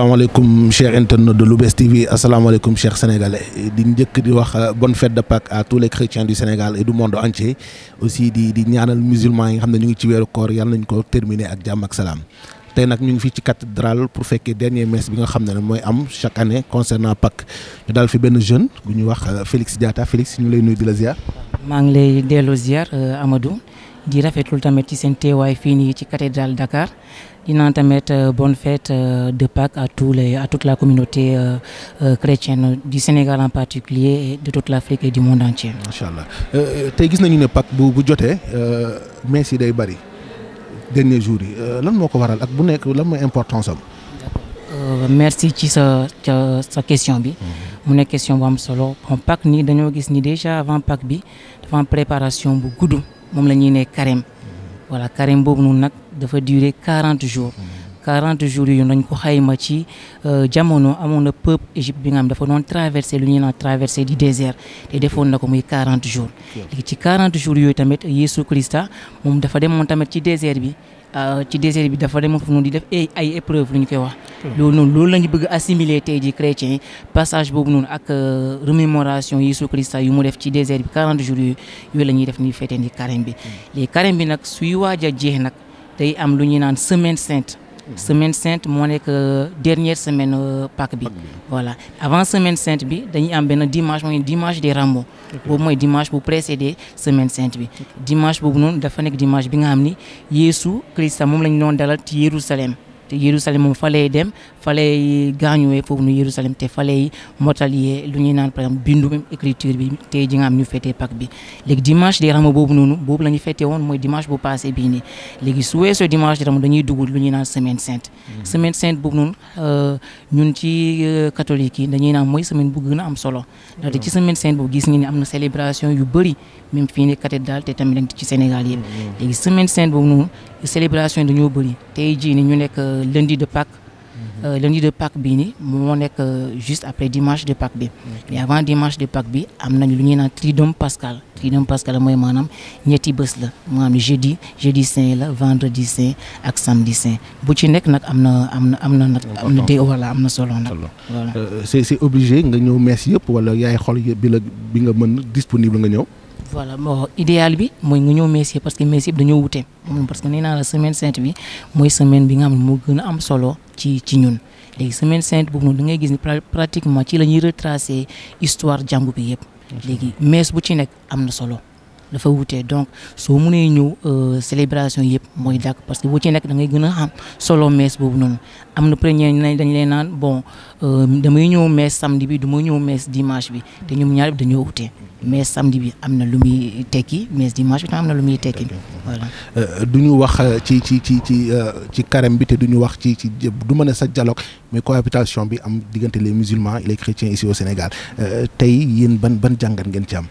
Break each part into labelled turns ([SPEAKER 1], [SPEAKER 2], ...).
[SPEAKER 1] asalaamaaleykum chers internautes de Lou'Bess TV asalaamaaleykum chers sénégalais di njëkk di wax euh, bonne fête de Pâques à tous les chrétiens du Sénégal et du monde entier aussi di di ñaanal musulmans yi nga xam ne ñu ngi ci weeru koor yàlla nañ ko terminer ak jàmm ak salaam. tey nag ñu ngi fii ci cathédrale pour fekkee dernier messe bi nga xam ne ne mooy am chaque année concernant Pâques ñu daal fi benn jeune bu ñuy wax euh, Félix Diatta Félix ñu lay nuyu di la ziar.
[SPEAKER 2] maa ngi di rafetul tamit ci seen teewaay fii nii ci cathédrale Dakar di naan tamit euh, bonne fête euh, de Pâques à tous les à toute la communauté euh, chrétienne di Sénégal en particulier et de toute l'Afrique et du monde entier.
[SPEAKER 1] te gis nañu ne Pâques bu bu jotee messe yi day bari dernier jour yi lan moo ko waral ak bu nekk lan mooy importance am.
[SPEAKER 2] merci ci sa ca sa question bi. Mhm. mu nekk question bu am solo bon Pâques nii dañoo gis ni déjà avant Pâques bi dafa préparation bu gudd. moom la ñuy ne carême voilà carême boobu noonu nag dafa durer quarante jours quarante jours yooyu dañ ko xayma ci euh, jamono amoon na peuple Égypte bi nga xam dafa doon traversé lu ñuy naan traversé du désert te defoon na ko muy quarante jours léegi ci quarante jours yooyu tamit Yeesu Christa moom dafa demoon tamit ci désert bi Euh, ci désert bi dafa demoon fu mu di def ay épreuve lu ñu koy wax. loolu noonu loolu la ñu bëgg assimiler tey ji chrétien yi passage boobu noonu ak euh, remémoration Yeesu Christa yu mu def ci désert bi 40 jours yooyu ñuy def ni feete ni carême bi. Mm. léegi carême bi waaj a na nag day lu ñuy naan semaine sainte. semaine sainte moo nekk euh, dernière semaine euh, Pâques bi voilà avant semaine sainte bi dañuy am benn dimanche mooy dimanche des rameaux boobu mooy dimanche bu précédé semaine sainte bi dimanche boobu noonu dafa nekk dimanche bi nga xam ni Yeesu Christa moom lañ doon dalal ci Yerusalem te Yerusalem moom dem fa lay gaañuwee foofu nu Yerusalem te fa lay motaliyee lu ñuy naan par exemple bindu même écriture bi a ji nga am ñu fêtee Pâques bi léegi dimanche di rama boobu noonu boobu la ñu fêtee woon mooy dimanche bu passé bii nii léegi su weesoo dimanche di rama dañuy dugg lu ñuy naan semaine sainte mm-hmm. semaine sainte boobu noonu euh, ñun ci euh, catholique yi dañuy na mooy semaine bu gën a am solo ndaxte ci semaine sainte boobu gis ngeen ne am na yu bëri même fii ne cathédrale te tamit ci Sénégal yëpp mm-hmm. léegi semaine sainte boobu noonu célébration lundi de Pâques. Mhm. Euh, lundi de Pâques bii nii moo nekk euh, juste après dimanche de Pâques bi. mais avant dimanche de Pâques bi am nañu lu ñuy naan tridome pascal tridome pascal mooy maanaam ñetti bés la maanaam jeudi jeudi saint la vendredi saint ak samedi saint bu ci nekk
[SPEAKER 1] nag am na am na am na am na solo nag. voilà euh, c'est obligé nga ñëw mees yëpp wala yaay xol bi la bi nga mën disponible nga ñëw.
[SPEAKER 2] voilà bon idéal bi mooy nga ñëw Messi parce que Messi dañoo wute parce que nee naa la semaine sainte bi mooy semaine bi nga xam moo gën am solo ci ci ñun léegi semaine sainte boobu noonu da ngay gis ni pratiquement ci la ñuy retracer histoire jàngu bi yëpp. léegi mees bu ci nekk am na solo. dafa wutee donc soo mënee ñëw euh, célébration yëpp mooy dàkk parce que boo ci nekk da ngay gën a xam solo mees boobu noonu am na première ñu dañ leen naan bon euh, damay ñëw mees samedi bi du ma ñëw mees dimanche bi te ñoom ñaar dañoo wutee mees samedi bi am na lu muy tekki mees dimanche bi
[SPEAKER 1] tam am na lu muy tekki voilà. Euh, du ñu wax ci ci ci ci ci carême bi te du ñu wax ci ci du mën a sa dialogue mais cohabitation bi am diggante les musulmans et les chrétiens ici au Sénégal tey yéen ban ban jàngat ngeen ci am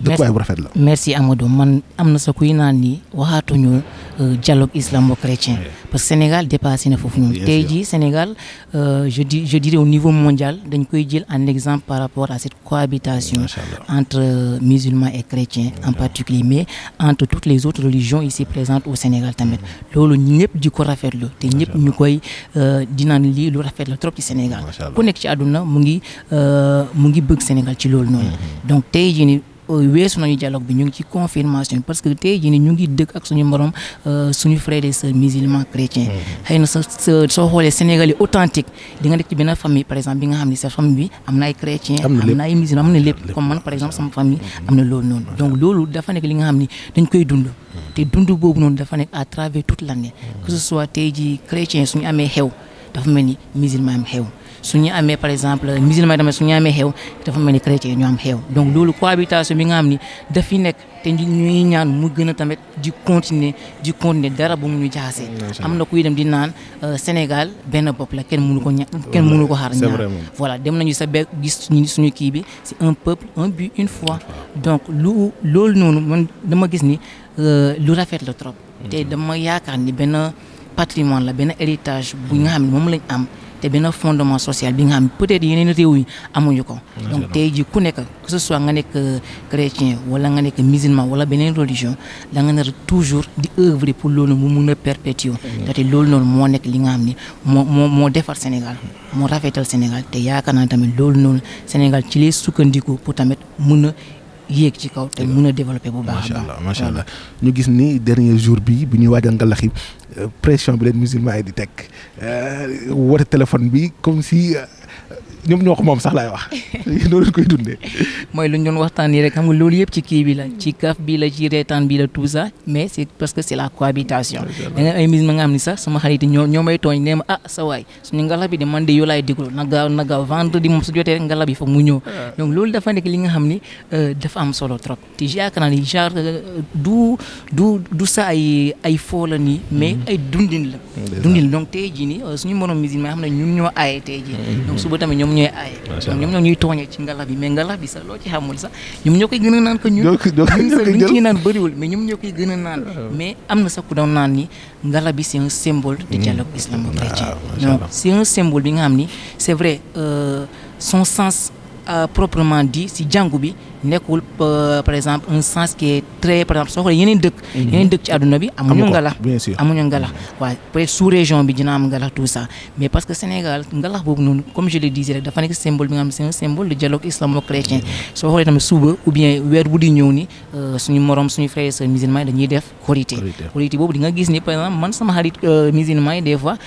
[SPEAKER 1] dëkkuwaay bu rafet a
[SPEAKER 2] merci Amadou man am na sa kuy naan ni waxaatuñu euh, dialogue islamo-chrétien parce que Sénégal dépassé na foofu noonu. tey jii Sénégal euh, je dis je dirais au niveau mondial dañ koy jël en exemple par rapport à cette cohabitation. entre euh, musulmans et chrétiens en particulier mais entre toutes les autres religions ici présentes au Sénégal tamit mm-hmm. loolu ñëpp di ko rafetlu te ñëpp ñu koy dinaan lii lu rafet la trop ci Sénégal. ku nekk ci àdduna mu ngi mu ngi bëgg Sénégal ci loolu noonu. Mm-hmm. donc tey Euh, weesu nañu dialogue bi ñu ngi ci confirmation parce que tey jii nii ñu ngi dëkk ak suñu morom euh, suñu frères et sœurs musulmans chrétiens. Mm-hmm. xëy na sa soo xoolee sénégalais authentique di nga nekk ci benn famille par exemple bi nga xam ne sa famille bi am na ay chrétiens. am na ay par exemple sama mm-hmm. na loolu noonu donc loolu dafa nekk li nga xam ne dañ koy dund. Mm-hmm. te dund boobu noonu dafa nekk à travers toute l'année que ce soit tey jii chrétien suñu amee xew dafa mel ni musulman am xew. su ñu amee par exemple musulman yi suñu amee xew dafa mel ni chrétien ñu am xew donc loolu cohabitation bi nga am ni dafi nekk te ñuy ñaan mu gën a tamit di continuer di continuer dara bu mu ñu jaxasee. am na kuy dem di naan euh, Sénégal benn bopp kenn mënu ko ña kenn ko xaar ñaar voilà dem nañu sa be gis suñu kii bi c'est un peuple un but une foi donc lu loolu noonu man dama gis ni euh, lu rafet la trop. te dama yaakaar ni benn patrimoine la benn héritage bu nga mm. xam ne moom lañ am. te benn fondement social bi nga xam peut-être yeneen réew yi amuñu ko. donc tey jii ku nekk que ce soit nga nekk euh, chrétien wala nga nekk musulman wala beneen religion da nga nar toujours di œuvrer pour loolu mu mun a perpétuer. loolu noonu moo nekk li nga xam ni moo moo moo defar Sénégal moo rafetal Sénégal te yaakaar naa tamit loolu noonu Sénégal ci lay sukkandiku pour tamit mun a. yéeg ci kaw te mun a développer bu baax
[SPEAKER 1] a baax. macha allah allah ñu gis ni dernier jour bi bu ñuy waajal ngalax yi euh, pression bi leen musulman yi di teg euh, woote téléphone bi comme si. Euh, ñoom ñoo ko sax laay wax loolu
[SPEAKER 2] mooy lu doon waxtaan nii rek am nga loolu yëpp ci kii bi la ci kaf bi la ci reetaan mais parce que c' est la cohabitation. da nga ay mis ma nga xam ni sax sama xarit ñoo ñoo may tooñ nee ma ah, suñu ngalax bi de man de yoo laay déglu na gaaw na gaaw vendredi moom su jotee rek ngalax bi foog mu ñëw. donc loolu dafa li nga xam ni euh, dafa am solo trop te yaakaar naa ni genre euh, du du du sa ay ay foo la nii mais mm-hmm. ay dundin la. dundin donc tey jii nii euh, suñu moroom musulman xam ne ñun ñoo aaye tey jii. Mm-hmm. ñoom ñooy aay ñoom ñoom ñuy tooñee ci ngalax bi mais ngalax bi sax loo ci xamul sax ñoom ñoo koy gën a naan ko ñun luñ ciy naan ñoom ñoo koy gën a naan ah. mais am na sax ku naan ni ngalax bi c'est un symbole de mm. dialogue islamo-chrétien non ah, c'est un symbole bi nga xam ni c'est vrai euh, son sens Euh, proprement dit si jàngu bi nekkul euh, par exemple un sens qui est très par exemple soo xoolee yeneen dëkk. Mhm. yeneen dëkk ci àdduna bi. amuñu ngalax amuñu ngalax mhm. waaw peut être sous région bi dina am ngalax tout mais parce que Sénégal ngalax boobu noonu comme je le disais rek dafa nekk symbole bi nga xam ne c'est un symbole de dialogue islamo-chrétien soo xoolee tamit suba ou bien weer bu di ñëw ni euh, suñu morom suñu frères et sœurs musulmans dañuy def korité. korité boobu di nga gis ni par sama xarit musulman des fois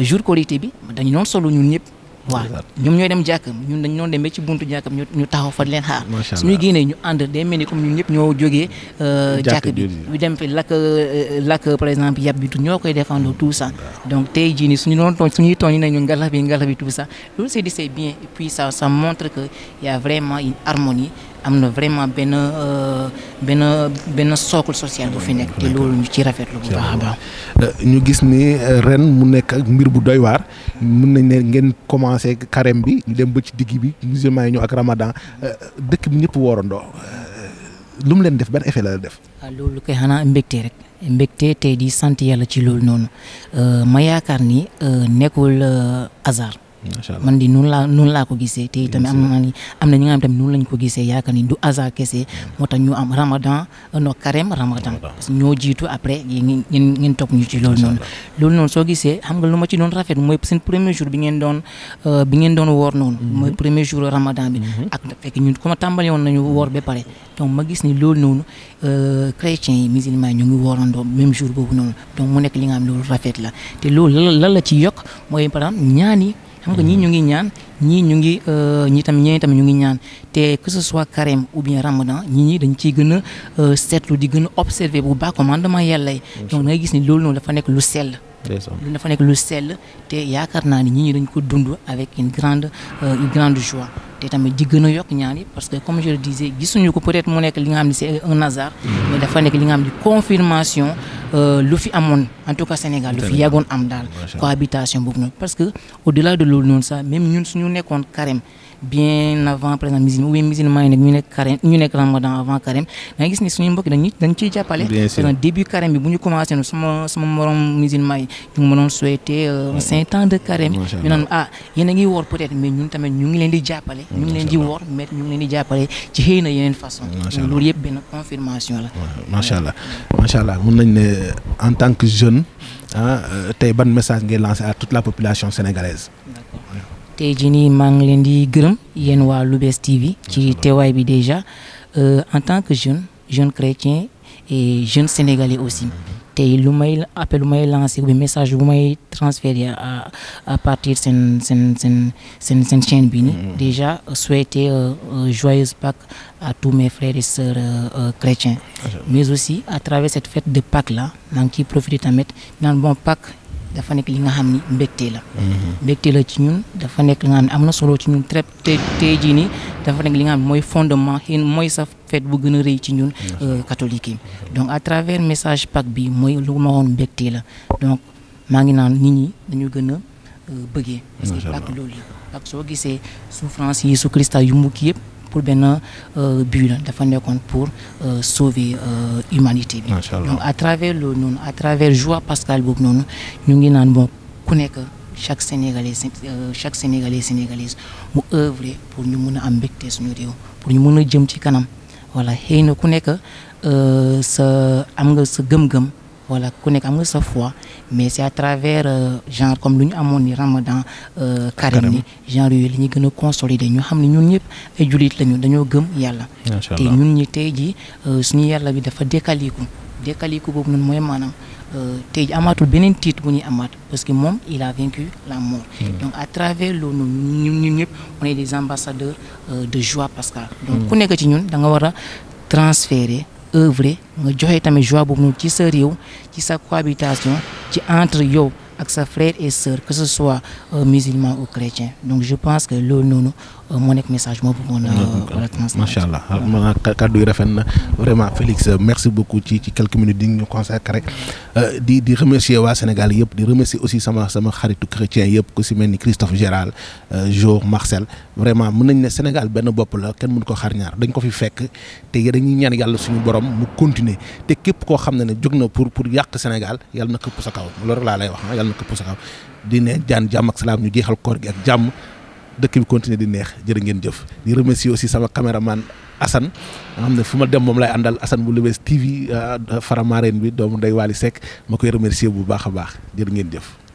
[SPEAKER 2] jour bi dañu doon solo ñun ñëpp. waaw ñoom ñooy dem jàkkam ñun dañ dem demee ci buntu jàkkam ñu taxaw fa leen xaar suñuy génnee ñu ànd day mel ni comme ñun ñëpp ñoo jógee euh, jàkk bi ñu dem fi lakk euh, lakk par exemple yab bi ñoo koy défendre tout ça donc tey jii nii suñu doon tooñ suñuy tooñ nañu ngalax bi ngalax bi tout ça loolu c'est bien et puis sa ça montre que y a vraiment une harmonie am na vraiment benn euh, benn benn socle social bu fi nekk te loolu ñu ci rafetlu bu baax a baax.
[SPEAKER 1] Euh, ñu gis ni euh, ren mu nekk ak mbir bu doy waar mun nañ ne ngeen commencé carême bi ñu dem ba ci digg bi musulman yi ñëw ak ramadan dëkk bi ñëpp woorandoo lu mu leen def ban effet la la def. Ah, loolu kay xanaa mbégte rek. mbégte tey di sant yàlla ci loolu noonu
[SPEAKER 2] ma yaakaar ni nekkul hasard. man di noonu laa noonu laa ko gisee te itamit am na am na ñi nga xam tamit ko gisee yaakaar ni du hasard kese moo tax ñu am euh, no carême ramadan parce que loolu noonu loolu noonu soo bi ngeen doon euh, bi ngeen doon woor noonu mhm. mooy premier jour ramadan bi mhm. ak ni loolu noonu euh, chrétiens yi musulmans ngi woorandoo même jour boobu noonu donc mu nekk loolu rafet la te loolu la la ci yokk mooy par exemple xam nga ñii ñu ngi ñaan ñii ñu ngi euh, ñii tamit ñeneen ñu ngi ñaan te que ce soit carême ou bien ramadan ñii ñi dañ ciy gën a euh, seetlu di gën a observer bu baax commandement yàlla yi donc da gis ni loolu noonu dafa nekk lu sell lu dafa nekk lu sel te yaakaar naa ni ñii ñi dañ ko dund avec une grande euh, une grande joie te tamit ji gën a yokk ñaan yi parce que comme je le disais gisuñu ko peut mu nekk li nga xam ne c'est un hasard mais dafa nekk li nga xam ne confirmation euh, lu amoon en tout cas Sénégal lu fi yàggoon am daal cohabitation boobu noonu parce que au-delà de loolu noonu sax même ñun suñu nekkoon carême bien avant par exemple musulman ou bien musulman yi nag ñu nekk carême ñu nekk gis ni suñu mbokk dañu dañ ciy jàppale par bi bu ñu no sama sama morom musulman yi ñu ngi euh, ah, tamit ñu ngi leen di jàppale ñu ngi leen di wor mais ñu ngi leen di jàppale ci xëy na yeneen façon loolu yëpp benn confirmation la
[SPEAKER 1] macha allah macha allah mun nañ ne en tant que jeune ah euh, tey ban message ngay lancé à toute la population sénégalaise tey jii nii maa ngi leen di gërëm
[SPEAKER 2] yéen waa Lou'Bess TV ci teewaay bi déjà euh, en tant que jeune jeune chrétien et jeune sénégalais aussi te lu may appel lu may lancé bi message bu may transférer à à partir seen seen sen seen seen bi nii. Mm-hmm. déjà souhaiter euh, euh, joyeuse Pâques à tous mes frères et sœurs euh, chrétiens. Ah, mais aussi à travers cette fête de Pâques la maa ngi ciy profiter tamit naan bon Pâques. dafa nekk li nga xam ni mbégte la. Mm-hmm. mbégte la ci ñun dafa nekk li nga xam ne am na solo ci ñun très jii nii dafa li nga xam mooy fondement xëy mooy sa fête bu gën a rëy ci ñun euh, catholique yi donc à travers message Pâques bi mooy lu ma woon mbégte la donc maa ngi naan nit ñi dañuy gën a euh, bëggee. parce loolu la soo gisee souffrance yi su Christa yu mukk yëpp. pour benn euh, but la dafa nekkoon pour euh, sauver euh, humanité bi donc à travers le noonu à travers joie Pascal boobu noonu ñu ngi naan bon ku nekk chaque sénégalais chaque sénégalais sénégalaise mu œuvrer pour ñu mun a am mbégte suñu réew pour ñu mun a jëm ci kanam voilà xëy na ku nekk sa am nga sa gëm-gëm voilà ku nekk am nga sa fois mais c'est à travers euh, genre comme lu ñu amoon ni ramadan euh, karim ni genre yooyu la ñuy gën a consolider ñu xam ni ñun ñëpp ay jullit lañu dañoo gëm yàlla te ñun ñi tey ji euh, suñu yàlla bi dafa dékaliku dékaliku boobu noonu mooy maanaam tey ji amaatul beneen tiit bu ñuy amaat parce que moom il a vaincu la mort hmm. donc à travers loolu noonu ñun ñun ñëpp on est des ambassadeurs de joie pascal donc hmm. ku nekk ci ñun da nga war a transférer œuvrer nga joxe tamit joie boobu noonu ci sa réew ci sa cohabitation ci entre yow ak sa frère et sœur que ce soit euh, musulman ou chrétien donc je pense que loolu noonu Euh, moo
[SPEAKER 1] nekk message moo bëggoon euh, wala transmettre macha allah ah, ma kàddu yi rafet na vraiment Félix euh, merci beaucoup ci ci quelques minutes di ñu consacré di di remercier waa Sénégal yëpp di remercier aussi sama sama xaritu chrétien yëpp ku si mel ni Christophe Gérald Jo Marcel vraiment mun nañ ne Sénégal benn bopp la kenn mën ko xar ñaar dañ ko fi fekk te dañuy ñaan yàlla suñu borom mu continuer te képp koo xam ne ne jog na pour pour yàq Sénégal yàlla na këpp sa kaw loolu laa lay wax ah na këpp sa kaw di salaam ñu jeexal koor gi jàmm dëkk bi continuer di neex jërë ngeen jëf di remercier aussi sama caméraman Assane nga xam ne fu ma dem moom lay àndal Assane bu Lou'Bess TV euh, Faramareen bi doomu Ndeye Waly Seck ma koy remercier bu baax a baax jërë ngeen jëf